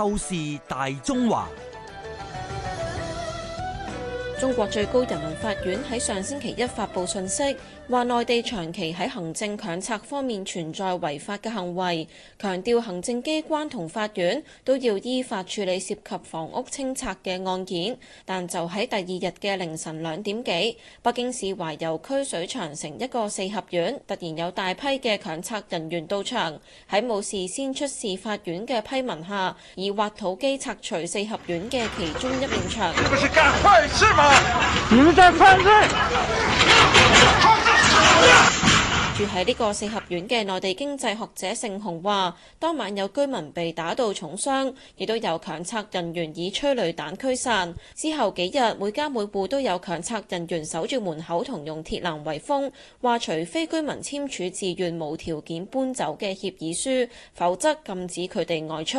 透視大中華。中國最高人民法院喺上星期一發布信息，話內地長期喺行政強拆方面存在違法嘅行為，強調行政機關同法院都要依法處理涉及房屋清拆嘅案件。但就喺第二日嘅凌晨兩點幾，北京市懷柔區水長城一個四合院突然有大批嘅強拆人員到場，喺冇事先出示法院嘅批文下，以挖土機拆除四合院嘅其中一面牆。是住喺呢個四合院嘅內地經濟學者盛洪話，當晚有居民被打到重傷，亦都有強拆人員以催淚彈驅散。之後幾日，每家每戶都有強拆人員守住門口同用鐵欄圍封，話除非居民簽署自願無條件搬走嘅協議書，否則禁止佢哋外出。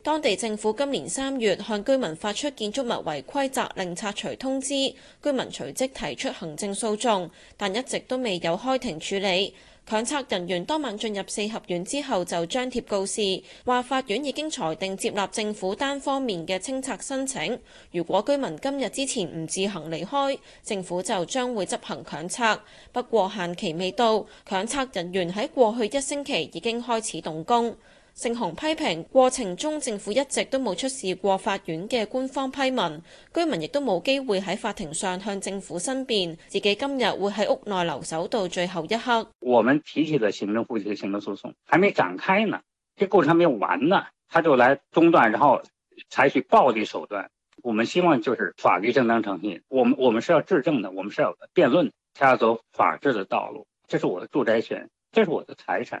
當地政府今年三月向居民發出建築物違規責令拆除通知，居民隨即提出行政訴訟，但一直都未有開庭處理。強拆人員當晚進入四合院之後，就張貼告示，話法院已經裁定接納政府單方面嘅清拆申請。如果居民今日之前唔自行離開，政府就將會執行強拆。不過限期未到，強拆人員喺過去一星期已經開始動工。盛雄批評過程中，政府一直都冇出示過法院嘅官方批文，居民亦都冇機會喺法庭上向政府申辯，自己今日會喺屋內留守到最後一刻。我們提起的行政復議、行政訴訟，還沒展開呢，這個過程還沒完呢，他就來中斷，然後採取暴力手段。我們希望就是法律正當程序。我們我們是要質證的，我們是要辯論，他要走法治的道路。這是我的住宅權，這是我的財產。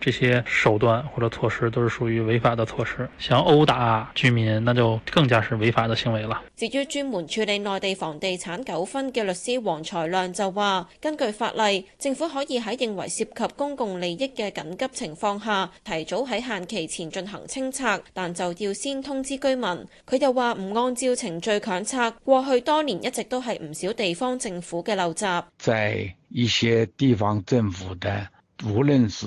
這些手段或者措施都是屬於違法的措施，想毆打居民，那就更加是違法的行為了。至於專門處理內地房地產糾紛嘅律師王才亮就話，根據法例，政府可以喺認為涉及公共利益嘅緊急情況下，提早喺限期前進行清拆，但就要先通知居民。佢又話，唔按照程序強拆，過去多年一直都係唔少地方政府嘅陋習。在一些地方政府的，無論是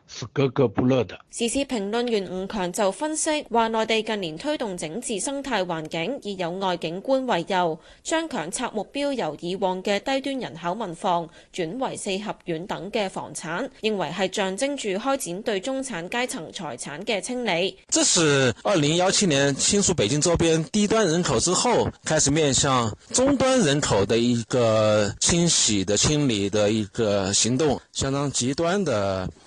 是格格不樂的。時事評論員吳強就分析話，內地近年推動整治生態環境，以有礙景觀為由，將強拆目標由以往嘅低端人口民房轉為四合院等嘅房產，認為係象徵住開展對中產階層財產嘅清理。這是二零一七年清除北京周邊低端人口之後，開始面向中端人口的一個清洗的清理的一個行動，相當極端的。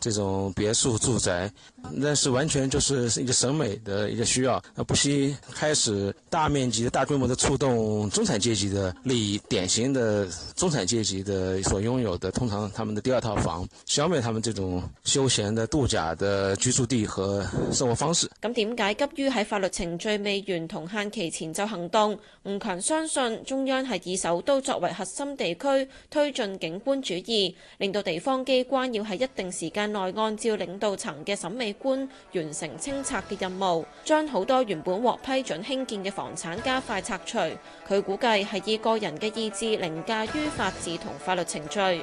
這種別墅住宅，那是完全就是一個審美的一個需要，那不惜開始大面積的大規模的觸動中產階級的利益，典型的中產階級的所擁有的，通常他們的第二套房，消滅他們這種休閒的度假的居住地和生活方式。咁點解急於喺法律程序未完同限期前就行動？吳強相信中央係以首都作為核心地區，推進景觀主義，令到地方機關要喺一定時間。內按照領導層嘅審美觀完成清拆嘅任務，將好多原本獲批准興建嘅房產加快拆除。佢估計係以個人嘅意志凌駕於法治同法律程序。